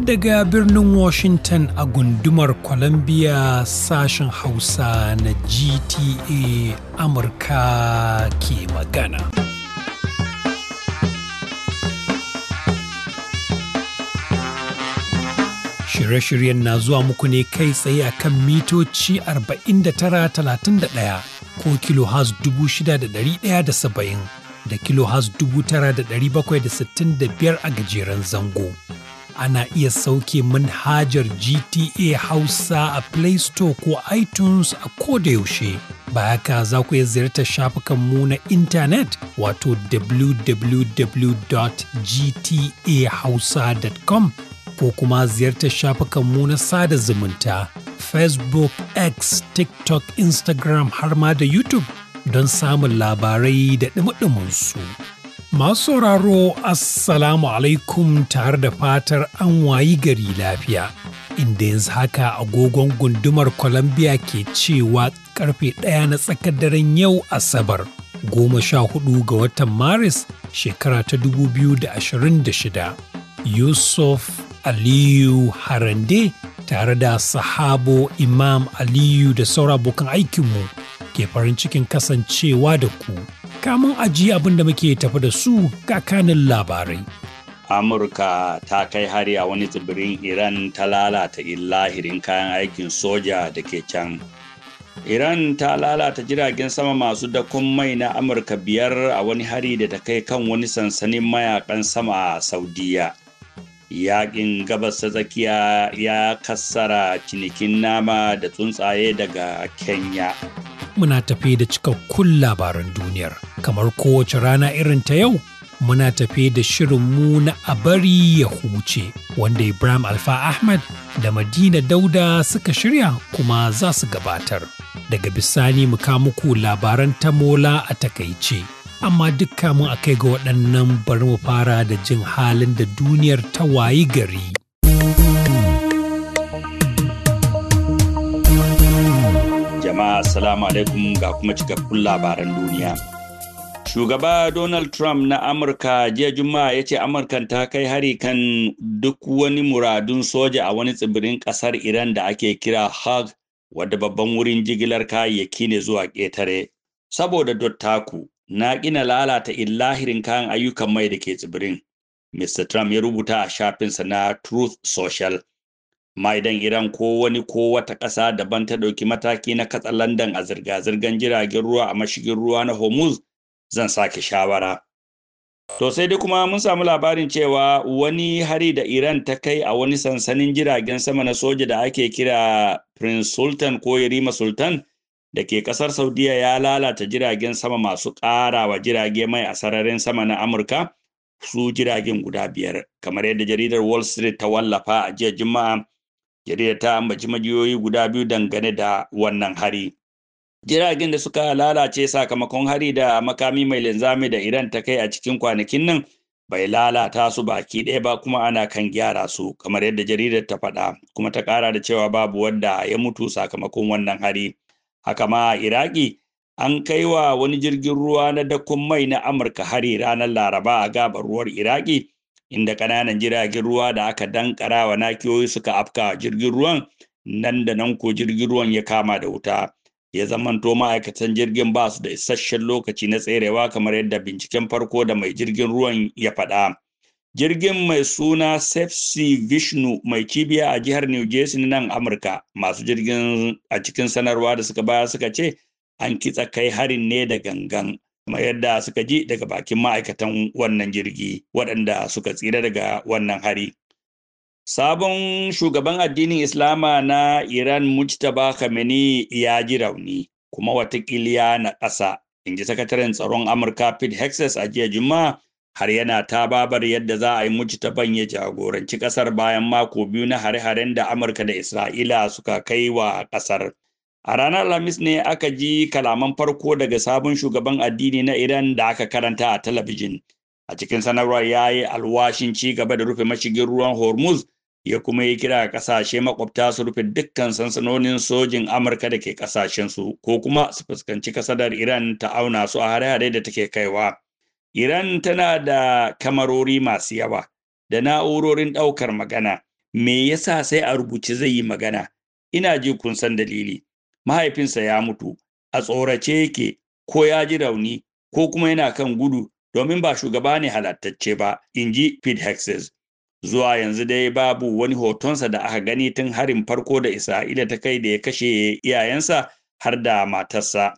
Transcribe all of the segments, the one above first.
Daga birnin Washington a gundumar Columbia sashen Hausa na GTA Amurka ke magana. Shirye-shiryen na zuwa muku ne kai tsaye a kan mitoci 49-31 ko kilo has 6,170. da dubu tara da ɗari bakwai sittin da biyar a gajeren zango. Ana iya sauke manhajar GTA Hausa a Play Store ko iTunes a kodayaushe. Ba haka za ku iya ziyartar shafukanmu na intanet wato www.gtahausa.com ko kuma ziyartar shafukanmu na sada zumunta Facebook, X, TikTok, Instagram har ma da YouTube. don samun labarai da su Masu sauraro Assalamu alaikum tare da fatar an wayi gari lafiya, inda yanzu haka agogon gundumar Columbia ke cewa karfe ɗaya na tsakar daren yau Asabar, goma sha hudu ga watan Maris shekara ta dubu biyu da ashirin da shida. Yusuf Aliyu Harande tare da sahabo Imam Aliyu da saura abokan aikinmu ke farin cikin kasancewa da ku. Kamun ajiye abin da muke tafi da su kakanin labarai. Amurka ta kai hari a wani tsibirin Iran ta lalata illahirin kayan aikin soja da ke can. Iran ta lalata jiragen sama masu dakon mai na Amurka biyar a wani hari da ta kai kan wani sansanin mayakan sama a Saudiya. yaƙin gabas ta tsakiya ya kassara cinikin nama da tsuntsaye daga kenya muna tafi da cikakkun labaran duniyar kamar kowace rana irin ta yau muna tafi da shirinmu na abari ya huce wanda ibrahim alfa ahmad da madina dauda suka shirya kuma za su gabatar daga bisani mu muku labaran tamola a takaice. amma duk kamun a kai ga waɗannan bari mu fara da jin halin da duniyar ta wayi gari. Jama'a Assalamu alaikum ga kuma cikakkun labaran duniya. Shugaba Donald Trump na Amurka jiya Juma'a ya ce Amurkan ta kai hari kan duk wani muradun soja a wani tsibirin ƙasar Iran da ake kira hag wadda babban wurin jigilar kayayyaki ne zuwa ƙetare. Saboda Dottaku, na ƙina lalata illahirin kayan ayyukan mai da ke tsibirin mr trump ya rubuta a shafinsa na truth social maidan iran ko wani ko wata ƙasa daban ta ɗauki mataki na katsa landan a zirga-zirgar jiragen ruwa a mashigin ruwa na hormuz zan sake shawara to sai dai kuma mun samu labarin cewa wani hari da iran ta kai a wani sansanin jiragen sama na soja da ake kira prince sultan ko yarima sultan da ke kasar saudiya ya lalata jiragen sama masu ƙara wa jirage mai a sararin sama na amurka su jiragen guda biyar kamar yadda jaridar wall street ta wallafa a jiya juma'a jaridar ta ambaci majiyoyi guda biyu dangane da wannan hari jiragen da suka lalace sakamakon hari da makami mai linzami da iran ta kai a cikin kwanakin nan bai lalata su baki ɗaya ba kuma ana kan gyara su kamar yadda jaridar ta faɗa kuma ta ƙara da cewa babu wanda ya mutu sakamakon wannan hari haka ma a iraki an kai wa wani jirgin ruwa na dakon mai na amurka hari ranar laraba a gabar ruwar iraki inda kananan jiragen ruwa da aka dankara wa nakiyoyi suka afka jirgin ruwan nan da nan ko jirgin ruwan ya kama da wuta ya zamanto ma'aikatan jirgin ba su da isasshen lokaci na tserewa kamar yadda binciken farko da mai jirgin ruwan ya faɗa jirgin mai suna sefsi vishnu mai cibiya a jihar new jersey nan amurka masu jirgin a cikin sanarwa da suka baya suka ce an kitsa kai harin ne da gangan kamar yadda suka ji daga bakin ma'aikatan wannan jirgi waɗanda suka tsira daga wannan hari sabon shugaban addinin islama na iran mujtaba khamenei ya ji rauni kuma watakila na ƙasa in ji sakataren tsaron amurka pete hexas a jiya juma'a har yana ta babar yadda za a yi ta ya jagoranci kasar bayan mako biyu na hare-haren da amurka da isra'ila suka kai wa kasar a ranar alhamis ne aka ji kalaman farko daga sabon shugaban addini na iran da aka karanta a talabijin a cikin sanarwar ya yi alwashin ci gaba da rufe mashigin ruwan hormuz ya kuma yi kira kasashe makwabta su rufe dukkan sansanonin sojin amurka da ke kasashensu ko kuma su fuskanci kasadar iran ta auna su a hare-hare da take kaiwa Iran tana da kamarori masu yawa da na'urorin ɗaukar magana. Me yasa sai a rubuce zai yi magana? Ina ji kun san dalili. Mahaifinsa ya mutu, a tsorace yake ko ya ji rauni ko kuma yana kan gudu domin ba shugaba ne halattacce ba, in ji Pete Hexes. Zuwa yanzu dai babu wani hotonsa da aka gani tun harin farko da Isra'ila ta kai da ya kashe iyayensa har da matarsa.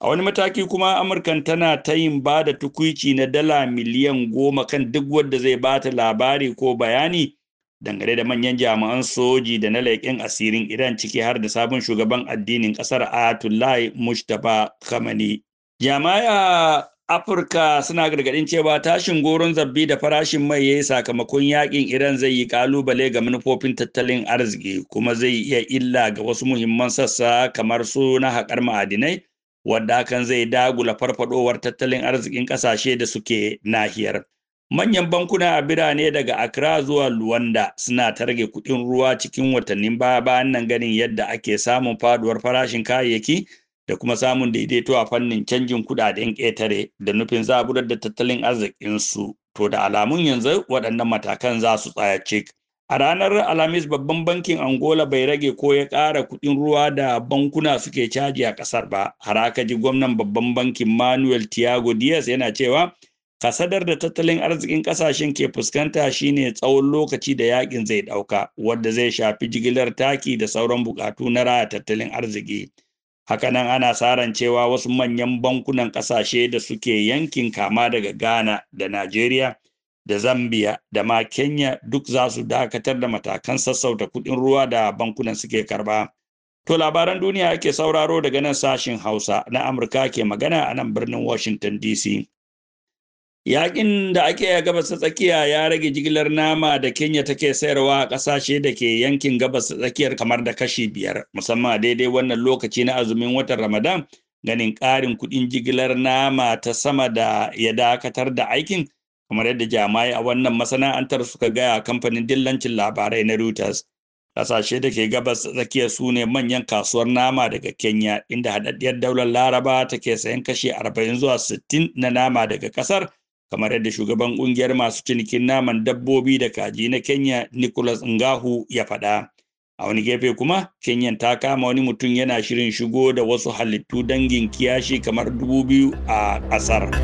a wani mataki kuma Amurka tana ta yin ba da tukuici na dala miliyan goma kan duk wanda zai bata labari ko bayani dangane da manyan jami'an soji da na laƙin asirin iran ciki har da sabon shugaban addinin ƙasar ayatollah Mustafa khamenei jama'a afirka suna gargaɗin cewa tashin goron zabbi da farashin mai yayi sakamakon yakin iran zai yi kalubale ga manufofin tattalin arziki kuma zai iya illa ga wasu muhimman sassa kamar su na haƙar ma'adinai wadda hakan zai dagula farfadowar tattalin arzikin ƙasashe da suke nahiyar. Manyan bankuna a birane daga Accra zuwa Luwanda suna targe kuɗin ruwa cikin watannin baya bayan nan ganin yadda ake samun faduwar farashin kayayyaki da kuma samun daidaito a fannin canjin kuɗaɗen ƙetare da nufin zaburar da tattalin arzikinsu. To da alamun yanzu waɗannan matakan za su tsaya cik. A ranar Alhamis babban bankin Angola bai rage ko ya ƙara kuɗin ruwa da bankuna suke caji a ƙasar ba. ji gwamnan babban bankin Manuel Tiago Diaz yana cewa kasadar da tattalin arzikin ƙasashen ke fuskanta shine tsawon lokaci da yakin zai ɗauka wadda zai shafi jigilar taki da sauran buƙatu na raya tattalin arziki. Hakanan ana saran cewa wasu manyan bankunan ƙasashe da suke yankin kama daga Ghana da Najeriya. da Zambia da ma Kenya duk za su dakatar da matakan sassauta kudin ruwa da bankunan suke karba. To labaran duniya ake sauraro daga nan sashin Hausa na Amurka ke magana a nan birnin Washington DC. Yaƙin da ake a gabas ta tsakiya ya rage jigilar nama da Kenya take sayarwa a ƙasashe da ke yankin gabas ta tsakiyar kamar da kashi biyar, musamman daidai wannan lokaci na azumin watan Ramadan, ganin ƙarin kuɗin jigilar nama ta sama da ya dakatar da aikin kamar yadda jami'ai a wannan masana'antar suka gaya kamfanin dillancin labarai na Reuters. kasashe da ke gabas tsakiyar su ne manyan kasuwar nama daga Kenya, inda haɗaɗɗiyar daular Laraba take sayan kashi arba'in zuwa sittin na nama daga ƙasar, kamar yadda shugaban ƙungiyar masu cinikin naman dabbobi da kaji na Kenya Nicholas Ngahu ya faɗa. A wani gefe kuma, kenya ta kama wani mutum yana shirin shigo da wasu halittu dangin kiyashi kamar dubu biyu a ƙasar.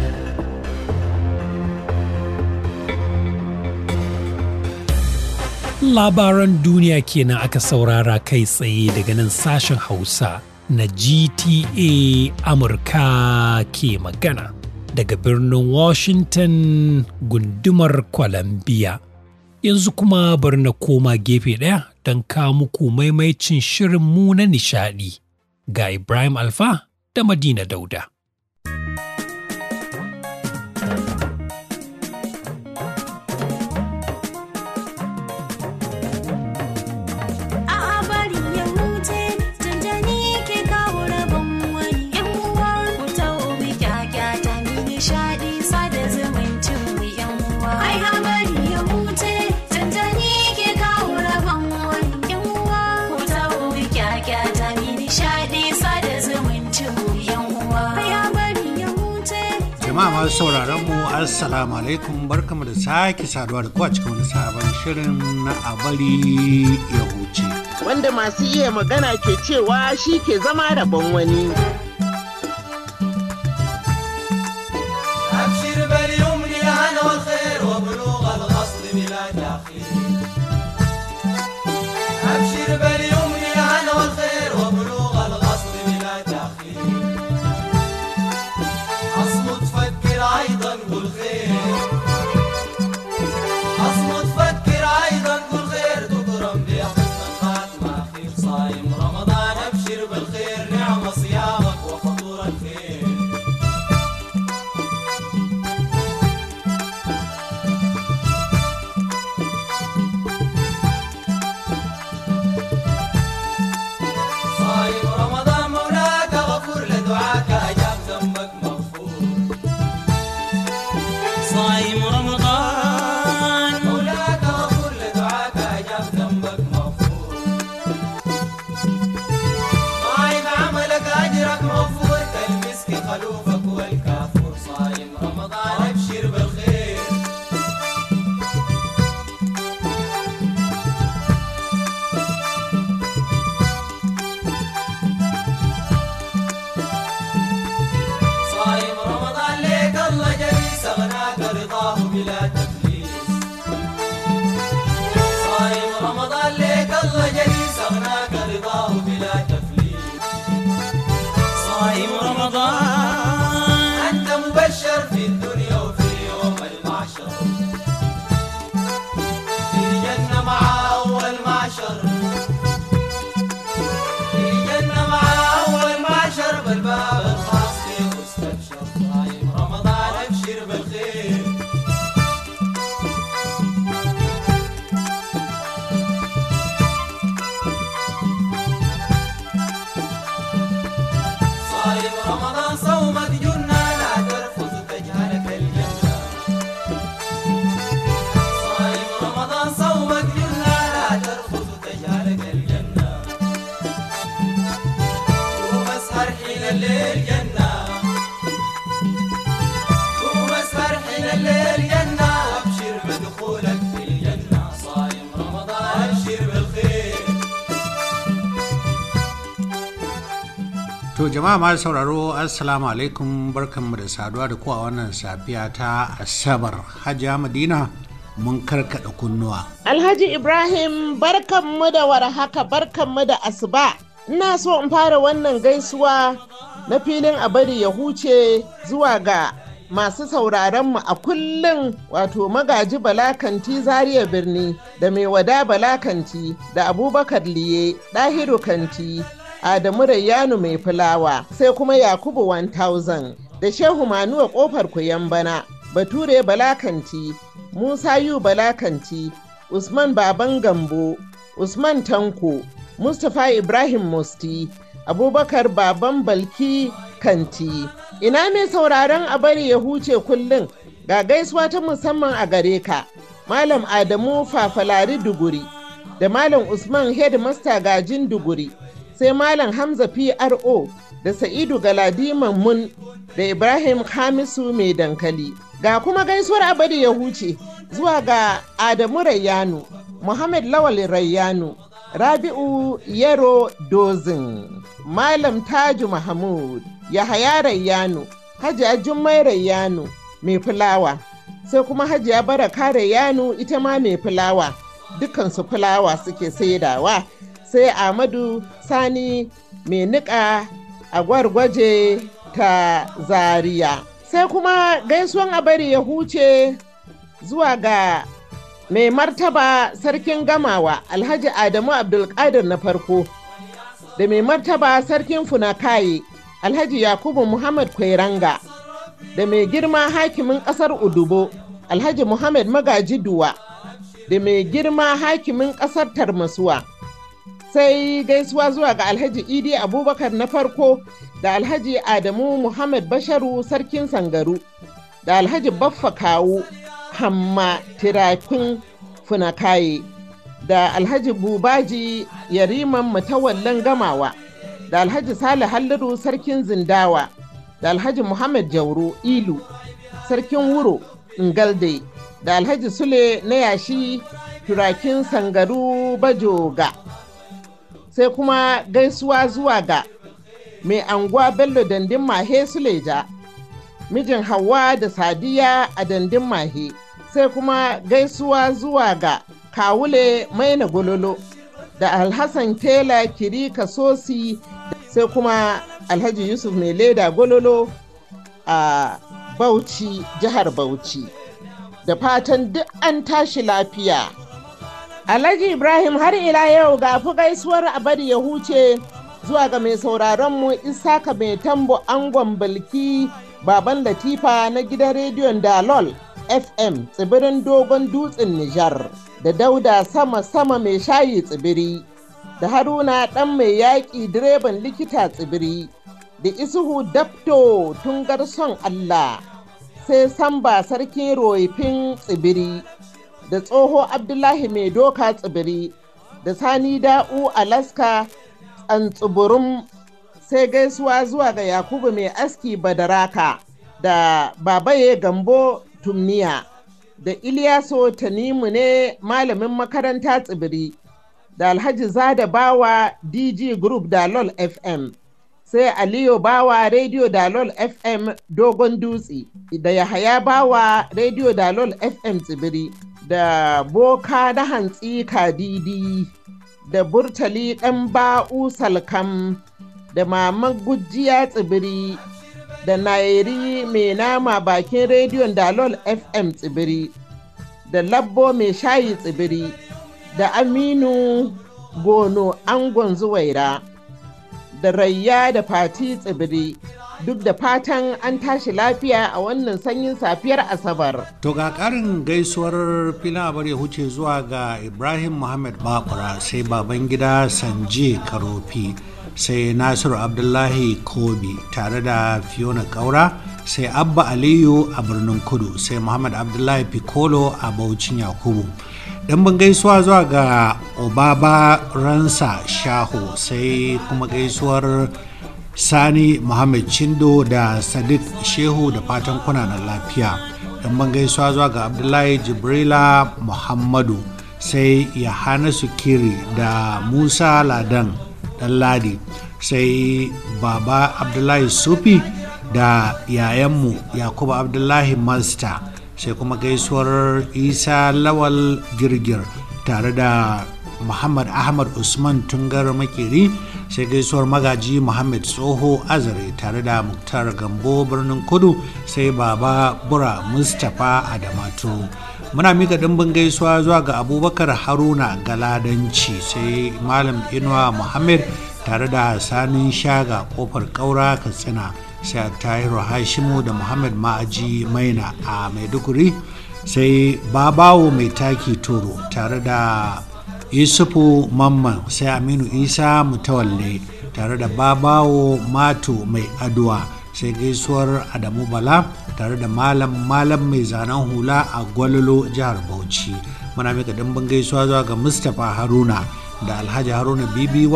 Labaran duniya kenan aka saurara kai tsaye daga nan sashen Hausa na GTA Amurka ke magana daga birnin Washington gundumar Columbia. Yanzu kuma bari na koma gefe ɗaya don ka muku maimaicin shirin mu na nishaɗi ga Ibrahim Alfa da Madina Dauda. masu sauraron mu assalamu alaikum barkamu da sake saduwa da kowa cikin wani sabon shirin na abari ya huce. Wanda masu iya magana ke cewa shi ke zama da wani. Yeah. To jama'a masu sauraro assalamu alaikum barkanmu da saduwa da ku wannan safiya ta asabar hajiya madina mun karkada kunnuwa. Alhaji Ibrahim barkanmu da warhaka barkanmu da asuba. Ina so in fara wannan gaisuwa na filin a bari ya huce zuwa ga masu sauraronmu a kullum wato magaji balakanti zaria birni da mai wada balakanti da abubakar liye ɗahiru kanti Adamu Rayyanu mai fulawa sai kuma Yakubu 1000 da Shehu Manuwa kofar kuyan bana Bature Balakanti Musa Yu Balakanti Usman Baban Gambo Usman Tanko Mustapha Ibrahim Musti Abubakar Baban Balki Kanti ina mai sauraron a bari ya huce kullum ga gaisuwa ta musamman a gare ka Malam Adamu Fafalari Duguri da Malam Usman Headmaster Gajin Duguri sai Malam Hamza PRO da Sa'idu Galadiman mun da Ibrahim Hamisu mai dankali. Ga kuma gaisuwar abadi ya huce zuwa ga Adamu Rayyanu, Muhammad Lawal Rayyanu, Rabi'u Yero Dozin, Malam Taju Mahmud, Yahaya Rayyanu, Hajiya Jummai Rayyanu mai fulawa, sai kuma Hajiya Baraka Rayyanu ita ma mai fulawa, dukansu fulawa suke saidawa. sai Ahmadu Sani mai niƙa a gwargwaje ta Zaria. Sai kuma gaisuwan a bari ya huce zuwa ga mai martaba sarkin gamawa Alhaji Adamu Abdulkadir na farko da mai martaba sarkin funakaye Alhaji Yakubu Muhammad Kwairanga da mai girma hakimin ƙasar Udubo Alhaji Muhammad Magajiduwa. da mai girma hakimin ƙasar Tarmasuwa. sai gaisuwa zuwa ga alhaji idi abubakar na farko da alhaji adamu muhammad basharu sarkin sangaru da alhaji baffa kawu hamma tirakin funakaye da alhaji bubaji yariman mutawallan gamawa da alhaji sale halliru sarkin zindawa da alhaji muhammad jauro ilu sarkin wuro ngalde da alhaji sule na yashi turakin sangaru bajoga sai kuma gaisuwa zuwa ga mai anguwa bello dandin mahe suleja mijin hawa da sadiya a dandin mahe sai kuma gaisuwa zuwa ga kawule maina gololo da alhassan tela kiri kasosi sai kuma alhaji yusuf mai leda gololo a bauchi jihar bauchi da fatan duk an tashi lafiya Alhaji Ibrahim har ila yau ga fi gaisuwar a ya huce zuwa ga mai sauraron mu Isaka mai tambo angon bilki baban Latifa na gidan rediyon Dalol FM tsibirin dogon dutsen Nijar da dauda sama sama mai shayi tsibiri da haruna dan mai yaƙi direban likita tsibiri da isuhu dafto tun garson Allah sai samba sarkin roifin tsibiri. da tsoho abdullahi mai doka tsibiri da sani da'u alaska tsantsibirin sai gaisuwa zuwa ga yakubu mai aski badaraka da babaye gambo tumniya da iliyaso tanimu ne malamin makaranta tsibiri da alhaji zada bawa dg group dalol fm sai Aliyu bawa radio dalol fm dogon dutse da yahaya bawa radio dalol fm tsibiri da boka da hantsi kadidi da burtali ɗan ba'u salkam da maman gujiya tsibiri da nairi mai nama bakin rediyon dalol fm tsibiri da labbo mai shayi tsibiri da aminu gono angon zuwaira da rayya da fati tsibiri duk da fatan an tashi lafiya a wannan sanyin safiyar asabar. To ga karin gaisuwar filabar ya huce zuwa ga Ibrahim Muhammad Bakura sai baban gida Sanje Karofi sai Nasiru Abdullahi Kobi tare da Fiona Kaura sai Abba Aliyu a birnin Kudu sai Muhammad Abdullahi Piccolo a Bauchin Yakubu. dan ban gaisuwa zuwa ga obaba ransa shaho sai kuma gaisuwar sani muhammad chindo da sadiq shehu da fatan kuna kunanan lafiya dan ban gaisuwa zuwa ga abdullahi jibrila muhammadu sai yahana sukiri da musa ladan dan ladi sai baba abdullahi sufi da yayanmu yakubu abdullahi master sai kuma gaisuwar isa lawal girgir tare da muhammad ahmad usman tungar Makiri sai gaisuwar magaji muhammad tsoho azare tare da muktar gambo birnin kudu sai baba bura mustapha adamato muna mika dimbin gaisuwa zuwa ga abubakar haruna galadanci sai malam inuwa muhammad tare da sanin shaga kofar kaura katsina sai tahiru hashimu da muhammad ma'aji maina a maiduguri sai babawo mai taki toro tare da yusufu mamman sai aminu isa mutawalle tare da babawo mato mai aduwa sai gaisuwar adamu bala tare da malam malam mai zanen hula a gwalolo jihar bauchi muna mika dimbin gaisuwa zuwa ga mustapha haruna da alhaji haruna bibi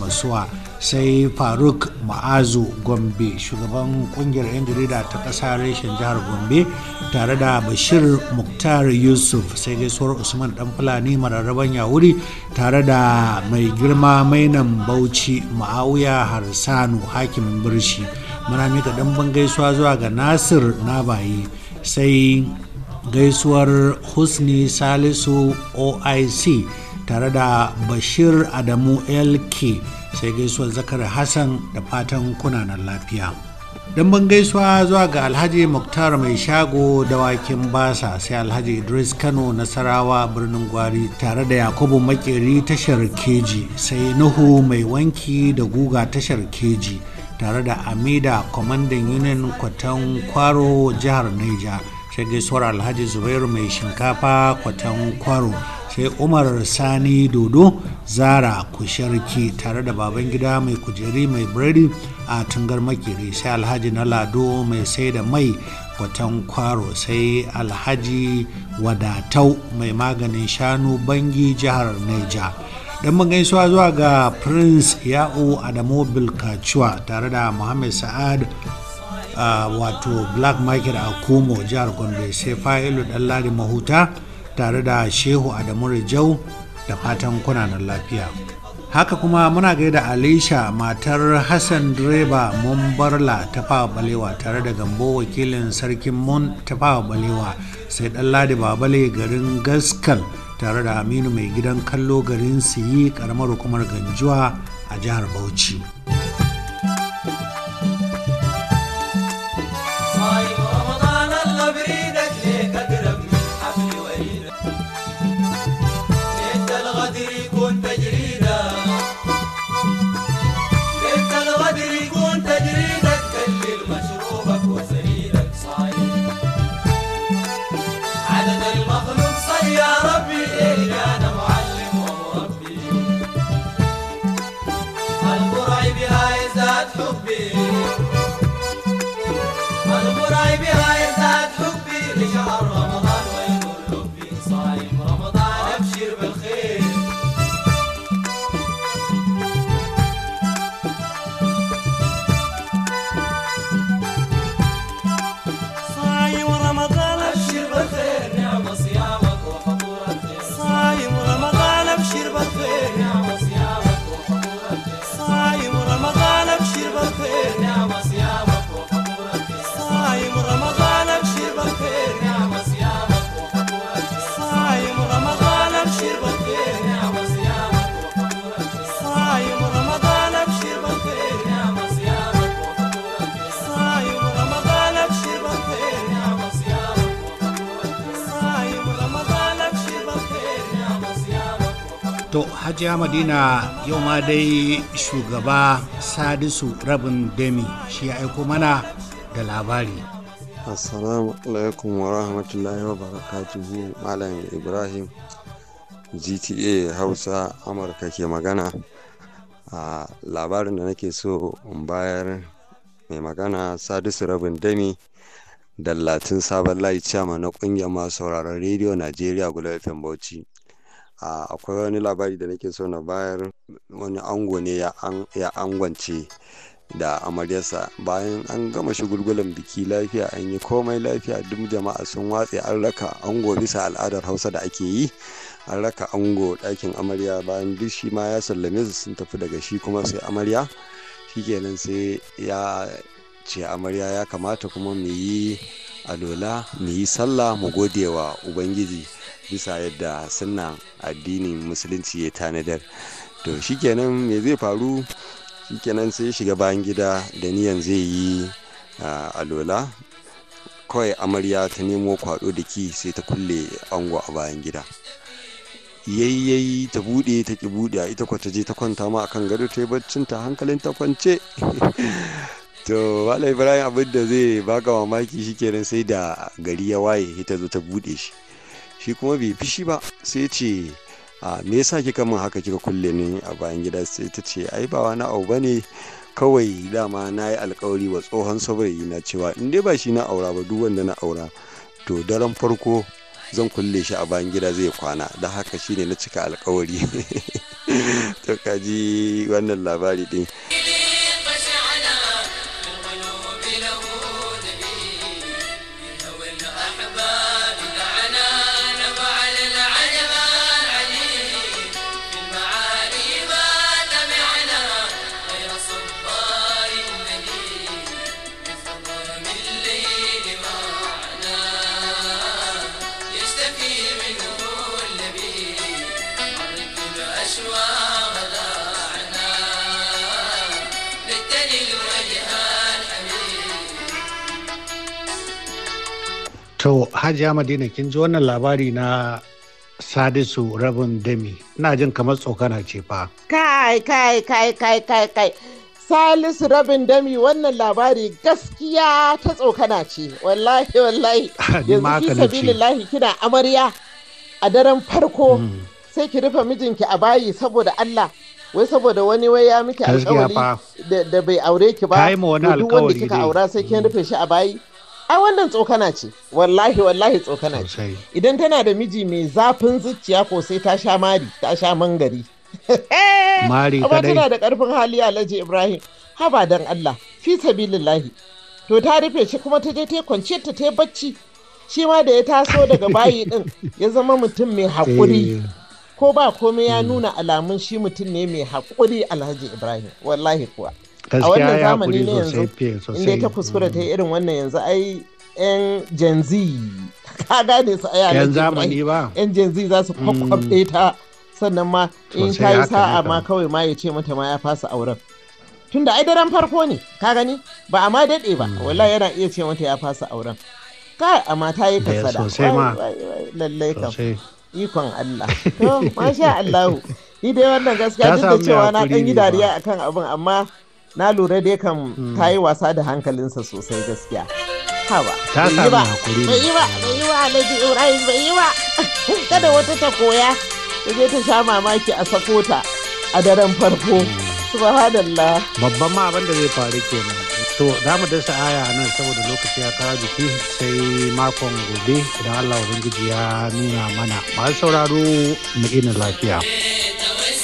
masuwa sai faruk ma'azu gombe shugaban kungiyar 'yan jarida ta ƙasa reshen jihar gombe tare da bashir muktar yusuf sai gaisuwar usman dan fulani mararraban yawuri tare da mai girma mainan bauchi ma'auya harsanu hakimin birshi muna mika ɗan gaisuwa zuwa ga nasir nabaye sai gaisuwar husni salisu oic tare da bashir adamu lk sai gaisuwar zakar hassan da fatan kunanan lafiya don ban gaisuwa zuwa ga alhaji muktar mai shago da wakin basa sai alhaji idris kano nasarawa birnin gwari tare da yakubu makeri tashar keji sai nuhu mai wanki da guga tashar keji tare da amida kwamandan yunin kwatan kwaro jihar niger sai gaisuwar alhaji zubairu mai shinkafa kwatan kwaro sai umar sani dodo zara kusharki tare da baban gida mai kujeri mai biredi a tungar makiri sai alhaji na lado mai sai da mai kwatan kwaro sai alhaji wadatau mai maganin shanu bangi jihar neja dan mun gaisuwa zuwa ga prince ya'u adamu bilkacuwa tare da muhammad sa'ad wato black market a kumo jihar gombe sai fa'ilu ɗanladi mahuta tare da shehu adamu rijau da fatan kunanan lafiya haka kuma muna gaida alisha matar hassan direba mumbarla ta fawa balewa tare da gambo wakilin sarkin mun ta fawa balewa sai dan ladi babale garin gaskal tare da aminu mai gidan kallo garin siyi karamar hukumar ganjuwa a jihar bauchi 야 hajiya madina yau ma dai shugaba sadisu rabin demi shi ya aiko mana da labari assalamu alaikum wa rahmatullahi wa barakatuhu malam ibrahim gta hausa amurka ke magana a labarin da nake so in bayar mai magana sadisu rabin dami dallatin sabon layi na kungiyar masu sauraron rediyo najeriya guda fm bauchi akwai wani labari da nake so na bayar wani ango ne ya angwance da amaryarsa bayan an gama shagulgulan biki lafiya an yi komai lafiya duk jama'a sun watse an raka ango bisa al'adar hausa da ake yi an raka ango ɗakin amarya bayan duk shi ma ya sallame su sun tafi daga shi kuma sai amarya shi shikenan sai ya ce amarya ya kamata kuma mu yi alola mu yi sallah mu gode wa ubangiji bisa yadda sunna addinin musulunci ya tanadar to shikenan me zai faru shikenan sai shiga bayan gida da niyan zai yi alola kawai amarya ta nemo kwado da ki sai ta kulle ango a bayan gida yayyayi ta bude ta ki bude ita kwata je ta kwanta ma akan gado ta yi baccin ta hankalin ta kwance to wala ibrahim abin da zai baka mamaki kenan sai da gari ya waye ita zo ta bude shi shi kuma bai fishi ba sai ce a me yasa kika min haka kika kulle ni a bayan gida sai ta ce ai ba wani abu bane kawai dama na yi alkawari wa tsohon saurayi na cewa in dai ba shi na aura ba duk wanda na aura to daren farko zan kulle shi a bayan gida zai kwana da haka shine na cika alkawari to kaji wannan labari din hajiya madina kin ji wannan labari na sadisu rabin dami ina jin kamar tsokana ce fa kai kai kai kai kai kai salisu rabin dami wannan labari gaskiya ta tsokana ce wallahi wallahi yanzu fi sabilillahi kina amarya a daren farko hmm. sai ki rufe mijinki a bayi saboda Allah wai saboda wani wai ya miki alkawari da bai aure ki ba duk wanda kika aura sai kin hmm. rufe shi a bayi ai wannan tsokana ce wallahi wallahi tsokana ce idan tana da miji mai zafin zuciya ko sai ta sha mari ta sha mangari eh! mari kadai tana da karfin hali alhaji ibrahim haba dan allah fi sabilillahi to ta rufe shi kuma ta je ta kwance ta ta bacci shi ma da ya taso daga bayi din ya zama mutum mai haƙuri eh. ko ba komai ya hmm. nuna alamun shi mutum ne mai haƙuri alhaji ibrahim wallahi kuwa a wannan zamani ne yanzu inda ta kuskura ta mm. irin wannan yanzu ai yan gen z ka gane su a yanar zamani ba yan gen z za su mm. ɗaya ta sannan ma in ta yi sa'a ma kawai ma ya ce mata ma ya fasa auren tunda ai daren farko ne ka gani ba a ma daɗe ba mm. wallahi yana iya ce mata ya fasa auren kai a mata yi kasada eh, lallai kam ikon Allah to masha Allah ni dai wannan gaskiya duk da cewa na dan yi dariya akan abin amma na lura dai kan hmm. ta yi wasa da hankalinsa sosai gaskiya Hawa, ta samu hakuri bai yi ba bai yi ba alhaji ibrahim bai yi kada wata ta koya ta je ta sha mamaki a sako ta a daren farko hmm. subhanallah babban ma abin da zai faru kenan to za mu dasa aya nan saboda lokaci ya kawo jiki sai makon gobe idan allah ubangiji ya nuna mana masu sauraro mu lafiya eh,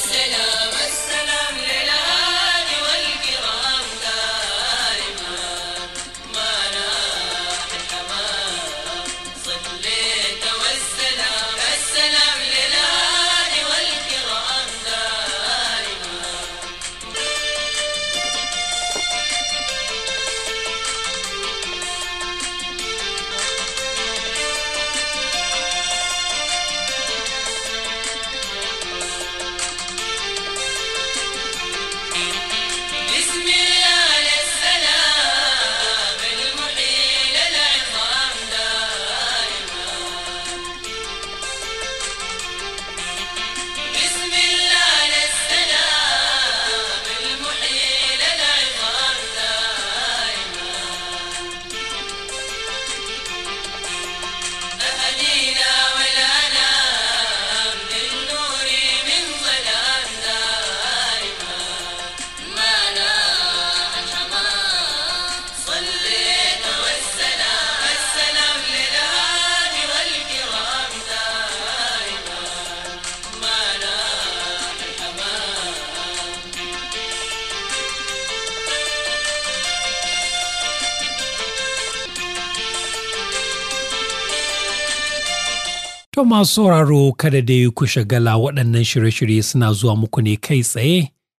To masu sauraro kada dai ku shagala waɗannan shirye-shirye suna zuwa muku ne kai tsaye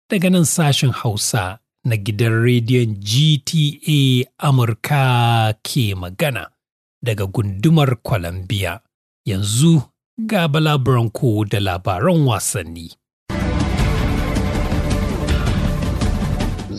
daga nan sashen Hausa na gidan rediyon GTA Amurka ke magana daga gundumar Columbia. Yanzu ga Bala da labaran wasanni.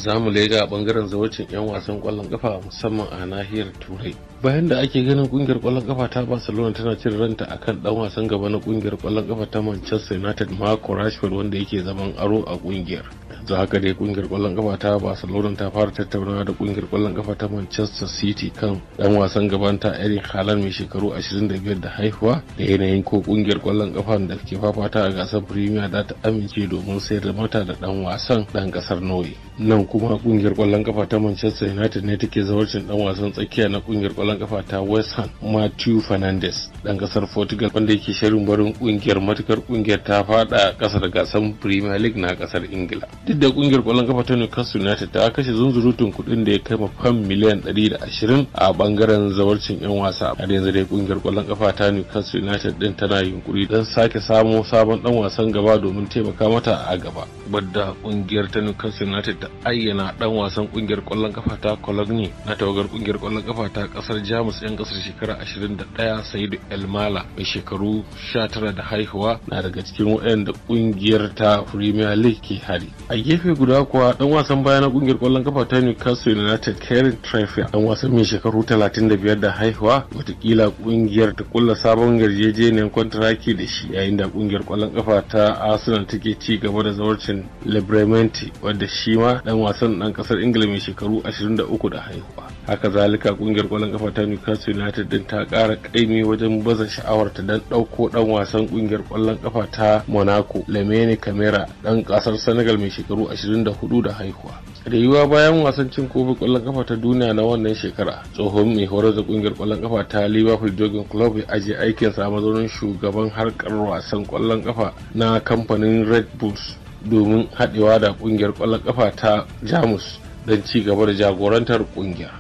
za mu lega bangaren zawacin 'yan wasan kwallon kafa musamman a nahiyar turai bayan da ake ganin kungiyar kwallon kafa ta barcelona tana cin ranta akan dan wasan gaba na kungiyar kwallon kafa ta manchester united mako rashford wanda yake zaman aro a kungiyar da haka dai kungiyar kwallon kafa ta barcelona ta fara tattaunawa da kungiyar kwallon kafa ta manchester city kan dan wasan gabanta irin haaland mai shekaru 25 da haihuwa da yanayin ko kungiyar kwallon kafa da ke fafata a gasar premier da ta amince domin sayar da mata da dan wasan dan kasar norway nan kuma kungiyar kwallon kafa ta manchester united ne take zawarcin dan wasan tsakiya na kungiyar kwallon kafa ta west ham matthew fernandes dan kasar portugal wanda yake shirin barin kungiyar matukar kungiyar ta fada kasa da gasar premier league na kasar ingila United da kungiyar kwallon kafa ta Newcastle United ta kashe zunzurutun kuɗin da ya kai fam miliyan 120 a bangaren zawarcin 'yan wasa har yanzu dai kungiyar kwallon kafa ta Newcastle United din tana yunkuri don sake samo sabon dan wasan gaba domin taimaka mata a gaba badda kungiyar ta Newcastle United ta ayyana dan wasan kungiyar kwallon kafa ta Cologne na tawagar kungiyar kwallon kafa ta kasar Jamus 'yan kasar shekara 21 Saidu Elmala mai shekaru 19 da haihuwa na daga cikin waɗanda kungiyar ta Premier League ke hari gefe guda kuwa dan wasan baya na kungiyar kwallon kafa ta Newcastle United karen Trippier dan wasan mai shekaru 35 da haihuwa watakila kungiyar ta kulla sabon yarjejeniyar kwantaraki da shi yayin da kungiyar kwallon kafa ta Arsenal take ci gaba da zawarcin lebrementi wanda shi ma dan wasan dan kasar Ingila mai shekaru 23 da haihuwa haka zalika kungiyar kwallon kafa ta Newcastle United din ta kara kaimi wajen baza sha'awar ta dan dauko dan wasan kungiyar kwallon kafa ta Monaco Lamine Camara dan kasar Senegal mai shekaru shekaru 24 da haihuwa da bayan wasan cin kofin kwallon kafa ta duniya na wannan shekara tsohon mai horar da kungiyar kwallon kafa ta liverpool jogin club ya ajiye aikinsa a shugaban harkar wasan kwallon kafa na kamfanin red bulls domin haɗewa da kungiyar kwallon kafa ta jamus don ci gaba da jagorantar kungiya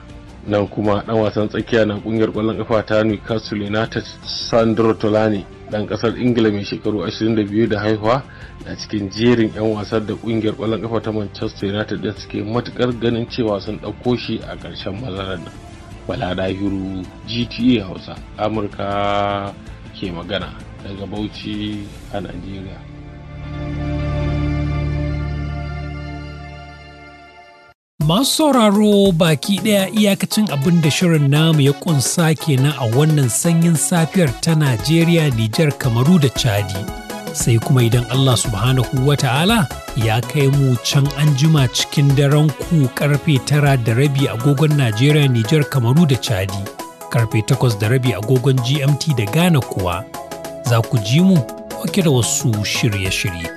nan kuma dan wasan tsakiya na kungiyar kwallon kafa ta newcastle united sandro tolani dan kasar ingila mai shekaru 22 da haihuwa A cikin jerin 'yan wasan da kungiyar kwallon kafa ta manchester united din suke matukar ganin cewa sun ɗauko shi a ƙarshen mazarar nan bala dahiru gta hausa amurka ke magana daga bauchi a nigeria Masu sauraro baki ɗaya iyakacin abin da shirin namu ya ƙunsa kenan a wannan sanyin safiyar ta Najeriya, Nijar, Kamaru da Chadi. sai kuma idan Allah subhanahu wa ta'ala ya kai mu can an jima cikin daren ku karfe tara da rabi agogon Najeriya, Nijar, Kamaru da Chadi, karfe takwas da rabi agogon GMT da Ghana kuwa. Za ku ji mu wake da wasu shirye-shirye.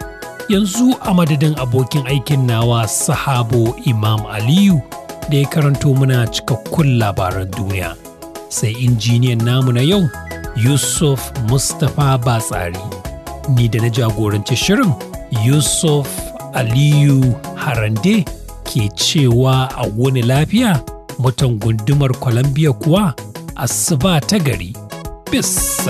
Yanzu a madadin abokin aikin nawa sahabo Imam Aliyu da ya karanto muna cikakkun labaran duniya. Sai injiniyan namu na yau Yusuf Mustapha Batsari. ni da na jagoranci shirin yusuf aliyu harande ke cewa a wani lafiya mutan gundumar columbia kuwa asuba ta gari bis